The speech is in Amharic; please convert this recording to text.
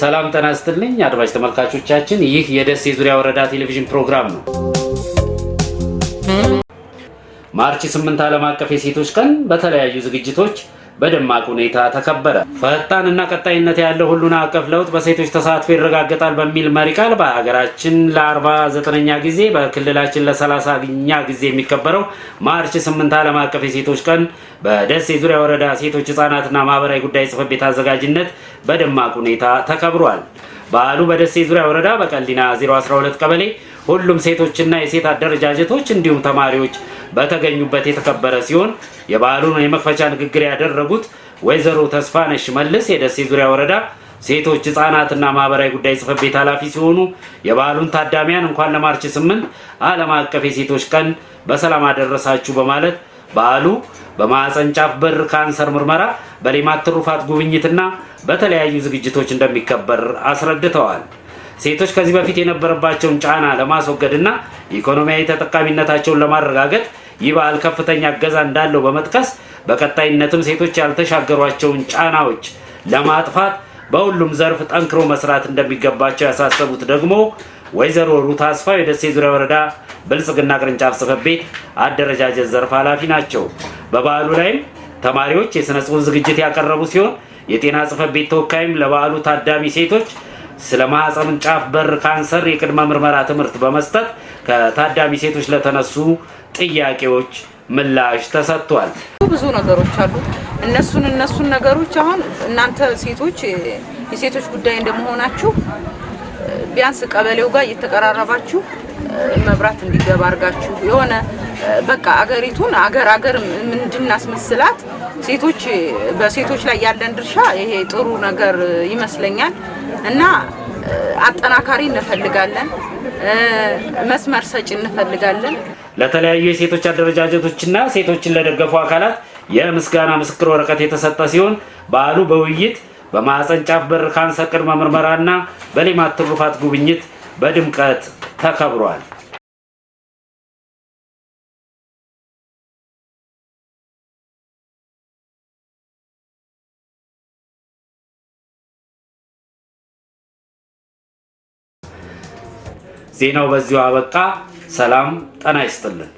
ሰላም ጤና ይስጥልኝ አድማጭ ተመልካቾቻችን፣ ይህ የደሴ ዙሪያ ወረዳ ቴሌቪዥን ፕሮግራም ነው። ማርች 8 ዓለም አቀፍ የሴቶች ቀን በተለያዩ ዝግጅቶች በደማቅ ሁኔታ ተከበረ። ፈጣንና ቀጣይነት ያለው ሁሉን አቀፍ ለውጥ በሴቶች ተሳትፎ ይረጋገጣል በሚል መሪ ቃል በሀገራችን ለአርባ ዘጠነኛ ጊዜ በክልላችን ለሰላሳኛ ጊዜ የሚከበረው ማርች ስምንት ዓለም አቀፍ የሴቶች ቀን በደሴ ዙሪያ ወረዳ ሴቶች ህጻናትና ማህበራዊ ጉዳይ ጽህፈት ቤት አዘጋጅነት በደማቅ ሁኔታ ተከብሯል። በዓሉ በደሴ ዙሪያ ወረዳ በቀሊና 012 ቀበሌ ሁሉም ሴቶችና የሴት አደረጃጀቶች እንዲሁም ተማሪዎች በተገኙበት የተከበረ ሲሆን የበዓሉን የመክፈቻ ንግግር ያደረጉት ወይዘሮ ተስፋነሽ መልስ የደሴ ዙሪያ ወረዳ ሴቶች ህጻናትና ማህበራዊ ጉዳይ ጽፈት ቤት ኃላፊ ሲሆኑ የበዓሉን ታዳሚያን እንኳን ለማርች ስምንት ዓለም አቀፍ የሴቶች ቀን በሰላም አደረሳችሁ በማለት በዓሉ በማዕፀን ጫፍ በር ካንሰር ምርመራ፣ በሌማት ትሩፋት ጉብኝትና በተለያዩ ዝግጅቶች እንደሚከበር አስረድተዋል። ሴቶች ከዚህ በፊት የነበረባቸውን ጫና ለማስወገድና ኢኮኖሚያዊ ተጠቃሚነታቸውን ለማረጋገጥ ይህ በዓል ከፍተኛ እገዛ እንዳለው በመጥቀስ በቀጣይነትም ሴቶች ያልተሻገሯቸውን ጫናዎች ለማጥፋት በሁሉም ዘርፍ ጠንክሮ መስራት እንደሚገባቸው ያሳሰቡት ደግሞ ወይዘሮ ሩት አስፋ የደሴ ዙሪያ ወረዳ ብልጽግና ቅርንጫፍ ጽሕፈት ቤት አደረጃጀት ዘርፍ ኃላፊ ናቸው። በበዓሉ ላይም ተማሪዎች የሥነ ጽሑፍ ዝግጅት ያቀረቡ ሲሆን የጤና ጽሕፈት ቤት ተወካይም ለበዓሉ ታዳሚ ሴቶች ስለ ማህፀን ጫፍ በር ካንሰር የቅድመ ምርመራ ትምህርት በመስጠት ከታዳሚ ሴቶች ለተነሱ ጥያቄዎች ምላሽ ተሰጥቷል። ብዙ ነገሮች አሉ። እነሱን እነሱን ነገሮች አሁን እናንተ ሴቶች የሴቶች ጉዳይ እንደመሆናችሁ ቢያንስ ቀበሌው ጋር እየተቀራረባችሁ መብራት እንዲገባ አድርጋችሁ የሆነ በቃ አገሪቱን አገር አገር እንድናስመስላት ሴቶች በሴቶች ላይ ያለን ድርሻ ይሄ ጥሩ ነገር ይመስለኛል እና አጠናካሪ እንፈልጋለን፣ መስመር ሰጪ እንፈልጋለን። ለተለያዩ የሴቶች አደረጃጀቶችና ሴቶችን ለደገፉ አካላት የምስጋና ምስክር ወረቀት የተሰጠ ሲሆን በዓሉ በውይይት በማህፀን ጫፍ በር ካንሰር ቅድመ ምርመራና በሌማት ትሩፋት ጉብኝት በድምቀት ተከብሯል። ዜናው በዚሁ አበቃ። ሰላም ጠና ይስጥልን።